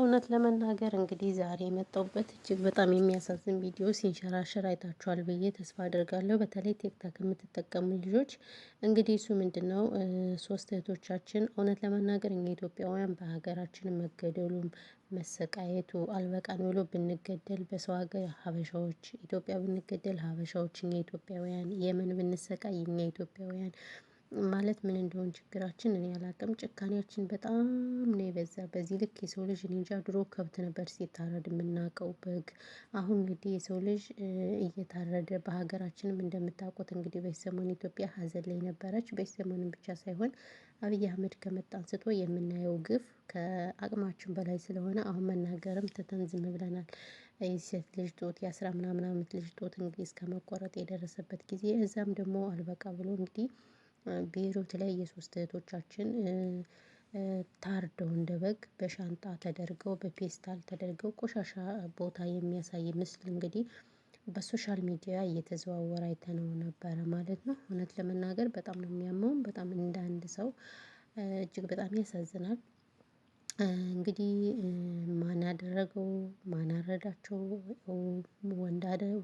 እውነት ለመናገር እንግዲህ ዛሬ የመጣሁበት እጅግ በጣም የሚያሳዝን ቪዲዮ ሲንሸራሸር አይታችኋል ብዬ ተስፋ አደርጋለሁ። በተለይ ቲክታክ የምትጠቀሙ ልጆች እንግዲህ እሱ ምንድን ነው ሶስት እህቶቻችን እውነት ለመናገር እኛ ኢትዮጵያውያን በሀገራችን መገደሉም መሰቃየቱ አልበቃን ብሎ ብንገደል በሰው ሀገር ሀበሻዎች ኢትዮጵያ ብንገደል ሀበሻዎች እኛ ኢትዮጵያውያን የመን ብንሰቃይ እኛ ኢትዮጵያውያን ማለት ምን እንደሆን ችግራችን እኔ አላቅም ጭካኔያችን በጣም ነው የበዛ በዚህ ልክ የሰው ልጅ እኔ እንጃ ድሮ ከብት ነበር ሲታረድ የምናውቀው በግ አሁን እንግዲህ የሰው ልጅ እየታረደ በሀገራችንም እንደምታውቁት እንግዲህ በዚህ ኢትዮጵያ ሀዘን ላይ ነበረች በዚህ ብቻ ሳይሆን አብይ አህመድ ከመጣ አንስቶ የምናየው ግፍ ከአቅማችን በላይ ስለሆነ አሁን መናገርም ትተን ዝም ብለናል። የሴት ልጅ ጡት የአስራ ምናምን አመት ልጅ ጡት እንግዲህ እስከመቆረጥ የደረሰበት ጊዜ እዛም ደግሞ አልበቃ ብሎ እንግዲህ ቤይሩት ላይ የሶስት እህቶቻችን ታርደው እንደ በግ በሻንጣ ተደርገው በፔስታል ተደርገው ቆሻሻ ቦታ የሚያሳይ ምስል እንግዲህ በሶሻል ሚዲያ እየተዘዋወረ አይተነው ነበረ ማለት ነው። እውነት ለመናገር በጣም ነው የሚያመውም በጣም እንደ አንድ ሰው እጅግ በጣም ያሳዝናል። እንግዲህ ማን ያደረገው ማን አረዳቸው?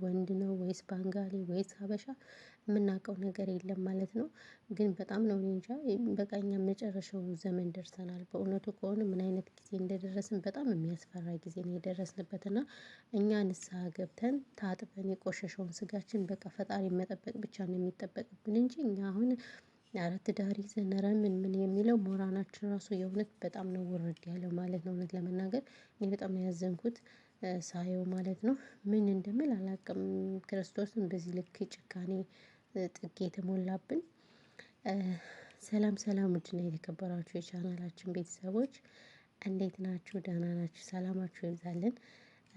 ወንድ ነው ወይስ ባንጋሊ ወይስ ሀበሻ? የምናውቀው ነገር የለም ማለት ነው። ግን በጣም ነው እኔ እንጃ በቃ እኛ መጨረሻው ዘመን ደርሰናል በእውነቱ ከሆነ ምን አይነት ጊዜ እንደደረስን በጣም የሚያስፈራ ጊዜ ነው የደረስንበት እና እኛ ንስሐ ገብተን ታጥበን የቆሸሸውን ስጋችን በቃ ፈጣሪ መጠበቅ ብቻ ነው የሚጠበቅብን እንጂ እኛ አሁን ኧረ ትዳር ይዘን ኧረ ምን ምን የሚለው ሞራናችን ራሱ የእውነት በጣም ነው ውርድ ያለው ማለት ነው። እውነት ለመናገር እኔ በጣም ያዘንኩት ሳየው ማለት ነው ምን እንደምል አላቅም ክርስቶስን በዚህ ልክ ጭካኔ ጥግ የተሞላብን። ሰላም ሰላም ውድና የተከበራችሁ የቻናላችን ቤተሰቦች እንዴት ናችሁ? ደህና ናችሁ? ሰላማችሁ ይብዛልን።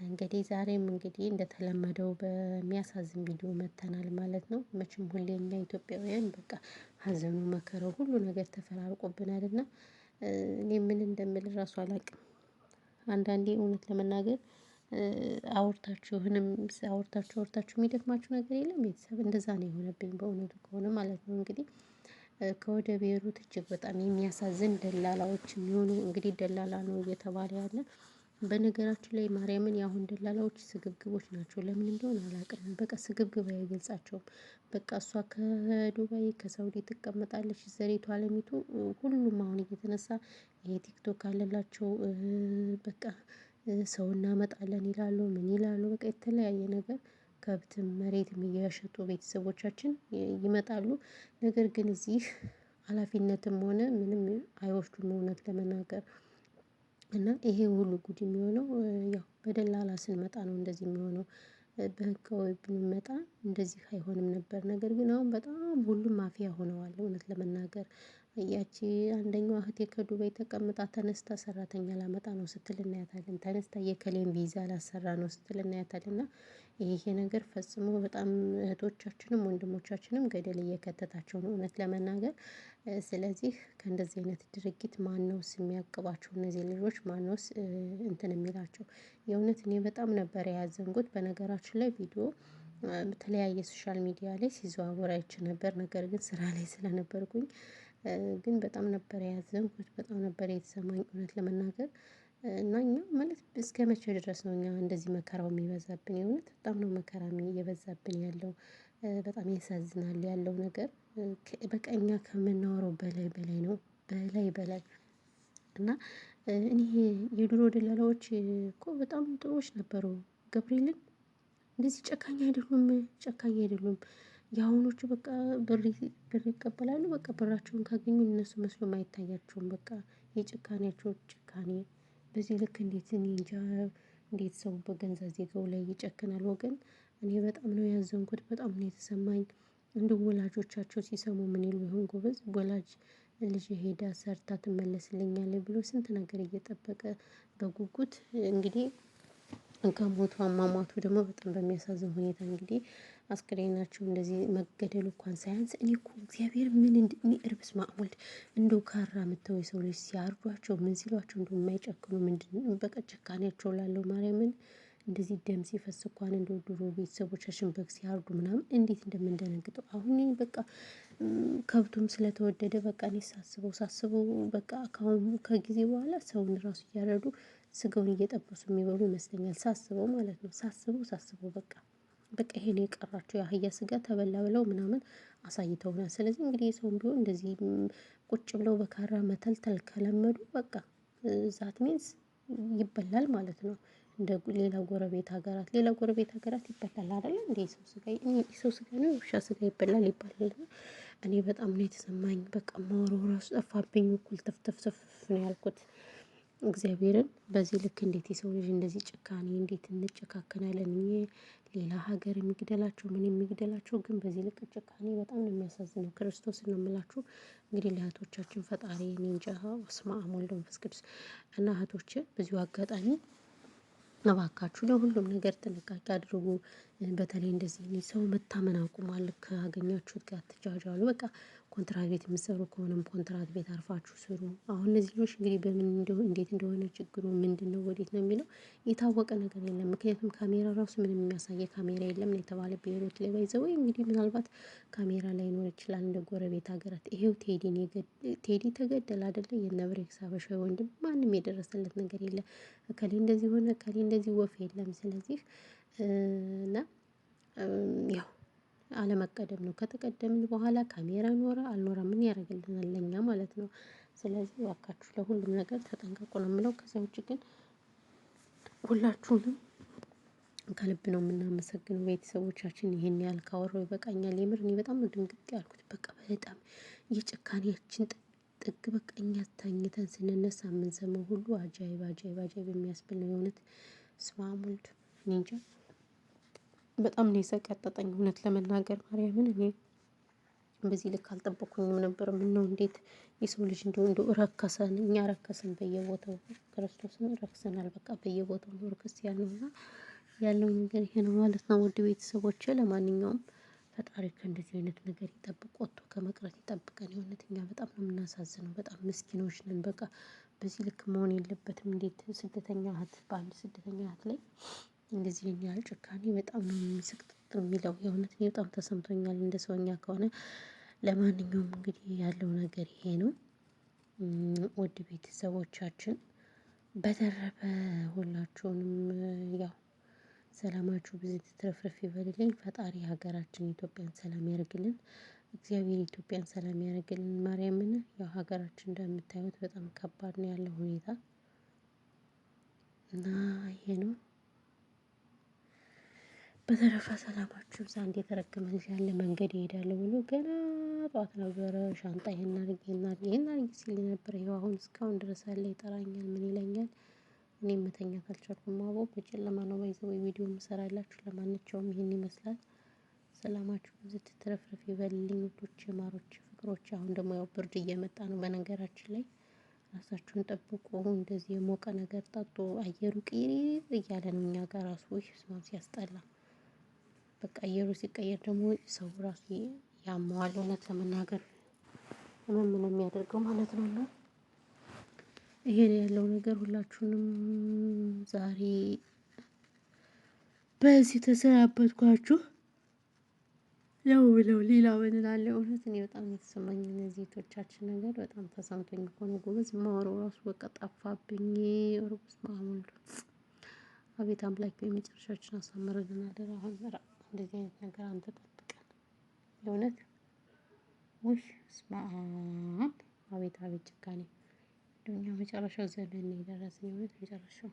እንግዲህ ዛሬም እንግዲህ እንደተለመደው በሚያሳዝን ቪዲዮ መጥተናል ማለት ነው። መቼም ሁሌ እኛ ኢትዮጵያውያን በቃ ሀዘኑ መከረው ሁሉ ነገር ተፈራርቆብናል እና እኔ ምን እንደምል ራሱ አላቅም። አንዳንዴ እውነት ለመናገር አውርታችሁንም አውርታችሁ አውርታችሁ የሚደክማችሁ ነገር የለም ቤተሰብ እንደዛ ነው የሆነብኝ በእውነቱ ከሆነ ማለት ነው። እንግዲህ ከወደ ቤሩት እጅግ በጣም የሚያሳዝን ደላላዎች የሚሆኑ እንግዲህ ደላላ ነው እየተባለ ያለ በነገራችን ላይ ማርያምን የአሁን ደላላዎች ስግብግቦች ናቸው። ለምን እንደሆነ አላውቅም። በቃ ስግብግብ አይገልጻቸውም። በቃ እሷ ከዱባይ ከሳውዲ ትቀመጣለች ዘሬቱ አለሚቱ ሁሉም አሁን እየተነሳ የቲክቶክ ቲክቶክ አለላቸው። በቃ ሰው እናመጣለን ይላሉ ምን ይላሉ በቃ የተለያየ ነገር ከብትም መሬትም እያሸጡ ቤተሰቦቻችን ይመጣሉ። ነገር ግን እዚህ ሀላፊነትም ሆነ ምንም አይወስዱም እውነት ለመናገር። እና ይሄ ሁሉ ጉድ የሚሆነው ያው በደላላ ስንመጣ ነው እንደዚህ የሚሆነው። በህጋዊ ብንመጣ እንደዚህ አይሆንም ነበር ነገር ግን አሁን በጣም ሁሉም ማፊያ ሆነዋል እውነት ለመናገር ያቺ አንደኛዋ እህቴ ከዱባይ ተቀምጣ ተነስታ ሰራተኛ ላመጣ ነው ስትል እናያታለን ተነስታ የእከሌን ቪዛ ላሰራ ነው ስትል እናያታለን። ና ይሄ ነገር ፈጽሞ በጣም እህቶቻችንም ወንድሞቻችንም ገደል እየከተታቸው ነው እውነት ለመናገር። ስለዚህ ከእንደዚህ አይነት ድርጊት ማነውስ የሚያቅባቸው እነዚህ ልጆች ማነውስ? እንትን የሚላቸው የእውነት እኔ በጣም ነበር ያዘንጉት በነገራችን ላይ ቪዲዮ በተለያየ ሶሻል ሚዲያ ላይ ሲዘዋወር አይቼ ነበር ነገር ግን ስራ ላይ ስለነበርኩኝ ግን በጣም ነበር ያዘንኩት በጣም ነበር የተሰማኝ እውነት ለመናገር። እና እኛ ማለት እስከመቼ ድረስ ነው እኛ እንደዚህ መከራው የሚበዛብን የእውነት በጣም ነው መከራ እየበዛብን ያለው። በጣም ያሳዝናል ያለው ነገር። በቃ እኛ ከምናወረው በላይ በላይ ነው በላይ በላይ። እና እኔ የድሮ ደላላዎች እኮ በጣም ጥሩዎች ነበሩ። ገብርኤልን እንደዚህ ጨካኝ አይደሉም ጨካኝ አይደሉም። የአሁኖቹ በቃ ብር ብር ይቀበላሉ በቃ ብራቸውን ካገኙ እነሱ መስሎ አይታያቸውም በቃ የጭካኔያቸው ጭካኔ በዚህ ልክ እንዴት እኔ እንጃ እንዴት ሰው በገንዘብ ዜጋው ላይ ይጨክናል ወገን እኔ በጣም ነው ያዘንኩት በጣም ነው የተሰማኝ እንዲሁ ወላጆቻቸው ሲሰሙ ምን ይሉ ይሆን ጎበዝ ወላጅ ልጅ ሄዳ ሰርታ ትመለስልኛለች ብሎ ስንት ነገር እየጠበቀ በጉጉት እንግዲህ ከሞቱ አሟሟቱ ደግሞ በጣም በሚያሳዝን ሁኔታ እንግዲህ አስክሬናቸው እንደዚህ መገደሉ እንኳን ሳያንስ እኔ እኮ እግዚአብሔር ምን እርብስ ማዕሙል እንደው ካራ ምተው የሰው ልጅ ሲያርዷቸው ምን ሲሏቸው እንደ የማይጨክኑ ምንድን በቃ ጨካኔያቸው ላለው ማርያምን እንደዚህ ደም ሲፈስ እንኳን እንደ ድሮ ቤተሰቦቻችን በግ ሲያርዱ ምናምን እንዴት እንደምንደነግጠው አሁን በቃ ከብቱም ስለተወደደ በቃ እኔ ሳስበው ሳስበው በቃ ካሁን ከጊዜ በኋላ ሰውን ራሱ እያረዱ ስጋውን እየጠበሱ የሚበሉ ይመስለኛል። ሳስበው ማለት ነው። ሳስበው ሳስበው በቃ በቃ ይሄን ነው የቀራቸው የአህያ ስጋ ተበላ ብለው ምናምን አሳይተውናል። ስለዚህ እንግዲህ የሰውን ቢሆን እንደዚህ ቁጭ ብለው በካራ መተልተል ከለመዱ በቃ ዛት ሚንስ ይበላል ማለት ነው። እንደ ሌላ ጎረቤት ሀገራት ሌላ ጎረቤት ሀገራት ይበላል አይደለ እንደ የሰው ስጋ የሰው ስጋ ነው የውሻ ስጋ ይበላል ይባላል። እኔ በጣም ነው የተሰማኝ በቃ ማወራው ራሱ ጠፋብኝ እኩል ተፍተፍተፍ ነው ያልኩት እግዚአብሔርን በዚህ ልክ እንዴት የሰው ልጅ እንደዚህ ጭካኔ እንዴት እንጨካከናለን? ሌላ ሀገር የሚግደላቸው ምን የሚግደላቸው ግን በዚህ ልክ ጭካኔ በጣም ነው የሚያሳዝነው። ክርስቶስ ነው የምላችሁ። እንግዲህ ለእህቶቻችን ፈጣሪ እኔ እንጃ በስመ መንፈስ ቅዱስ እና እህቶች በዚሁ አጋጣሚ እባካችሁ ለሁሉም ነገር ጥንቃቄ አድርጉ። በተለይ እንደዚህ ሰው መታመን አቁማል። ካገኛችሁት ጋር ትጃጃሉ በቃ ኮንትራት ቤት የምትሰሩ ከሆነም ኮንትራት ቤት አርፋችሁ ስሩ። አሁን እነዚህ ልጆች እንግዲህ በምን እንዴት እንደሆነ ችግሩ ምንድን ነው ወዴት ነው የሚለው የታወቀ ነገር የለም። ምክንያቱም ካሜራ ራሱ ምንም የሚያሳየ ካሜራ የለም ነው የተባለ ብሔሮች ላይ ባይዘ ወይ እንግዲህ ምናልባት ካሜራ ላይኖር ይችላል። እንደ ጎረቤት ሀገራት ይሄው ቴዲ ተገደል አደለ የነብሬክስ ሀበሻ ወንድም ማንም የደረሰለት ነገር የለም። እከሌ እንደዚህ ሆነ እከሌ እንደዚህ ወፍ የለም። ስለዚህ እና ያው አለመቀደም ነው ከተቀደምን በኋላ ካሜራ ኖረ አልኖረ ምን ያደርግልናል ለኛ ማለት ነው። ስለዚህ እባካችሁ ለሁሉም ነገር ተጠንቀቁ ነው የምለው ከዛ ውጪ ግን ሁላችሁንም ከልብ ነው የምናመሰግነው ቤተሰቦቻችን ይህን ያህል ካወራሁ ይበቃኛል የምር እኔ በጣም ነው ድንግጥ ያልኩት በቃ በጣም የጭካኔያችን ጥግ በቃ እኛ ተኝተን ስንነሳ የምንሰማው ሁሉ አጃይብ አጃይብ አጃይብ የሚያስብል ነው የእውነት። በስመ እኔ እንጃ በጣም ነው የሰቀጠጠኝ እውነት ለመናገር ማርያምን እኔ በዚህ ልክ አልጠበኩኝም ነበር። ምነው እንዴት የሰው ልጅ እንዲሁ እንዲሁ ረከሰን፣ እኛ ረከሰን በየቦታው ክርስቶስን ረክሰናል። በቃ በየቦታው ነው ርክስ ያለው እና ያለው ነገር ይሄ ነው ማለት ነው። ውድ ቤተሰቦች፣ ለማንኛውም ፈጣሪ ከእንደዚህ አይነት ነገር ይጠብቅ፣ ወጥቶ ከመቅረት ይጠብቀን። የእውነት እኛ በጣም ነው የምናሳዝነው፣ በጣም ምስኪኖች ነን። በቃ በዚህ ልክ መሆን የለበትም። እንዴት ስደተኛ እህት በአንድ ስደተኛ እህት ላይ እንደዚህ ይሄን ያህል ጭካኔ በጣም ነው የሚስቅጥጥ የሚለው የእውነት እኔ በጣም ተሰምቶኛል እንደ ሰውኛ ከሆነ። ለማንኛውም እንግዲህ ያለው ነገር ይሄ ነው። ውድ ቤተሰቦቻችን በተረፈ ሁላችሁንም ያው ሰላማችሁ ብዙ ትትረፍረፍ ይበልልኝ። ፈጣሪ ሀገራችን ኢትዮጵያን ሰላም ያደርግልን። እግዚአብሔር ኢትዮጵያን ሰላም ያደርግልን። ማርያምን ያው ሀገራችን እንደምታዩት በጣም ከባድ ነው ያለው ሁኔታ እና ይሄ ነው በተረፈ ሰላማችሁ ይብዛ። አንድ የተረገመ ልጅ አለ መንገድ እሄዳለሁ ብሎ ገና ጠዋት ነበረ ሻንጣ ይሄን አድርጊ ይሄን አድርጊ ይሄን አድርጊ ሲል ነበር። ይኸው አሁን እስካሁን ድረስ አለ ይጠራኛል። ምን ይለኛል? እኔም መተኛት አልቻልኩም። አቦ በጨለማ ነው ባይ ቪዲዮ የምሰራላችሁ። ለማንኛውም ይሄን ይመስላል። ሰላማችሁ ብዝት ትረፍረፍ ይበልልኝ። ውዶቼ፣ ማሮች፣ ፍቅሮች። አሁን ደግሞ ያው ብርድ እየመጣ ነው። በነገራችን ላይ ራሳችሁን ጠብቁ። እንደዚህ የሞቀ ነገር ጠጡ። አየሩ ቅሪር እያለ ነው እኛ ጋር ራሱ ሲያስጠላ በቃ አየሩ ሲቀየር ደግሞ ሰው ራሱ ያመዋል እውነት ለመናገር ህመም ምን የሚያደርገው ማለት ነው። እና ይሄ ነው ያለው ነገር ሁላችሁንም ዛሬ በዚህ ተሰናበትኳችሁ። ያው ብለው ሌላ ምን እላለሁ እውነት እኔ በጣም የተሰማኝ እነዚህ እህቶቻችን ነገር በጣም ተሰምቶኝ ከሆነ ጎበዝ። ማወራው ራሱ በቃ ጠፋብኝ። ኦርጉስ ማሙል አቤት አምላክ የመጨረሻችን አሳምርልን አደራ አሁን እንደዚህ አይነት ነገር አንተ ጠብቀን የእውነት ውይ አቤት አቤት ጭካኔ መጨረሻው ዘመን ነው የደረስነው የእውነት መጨረሻው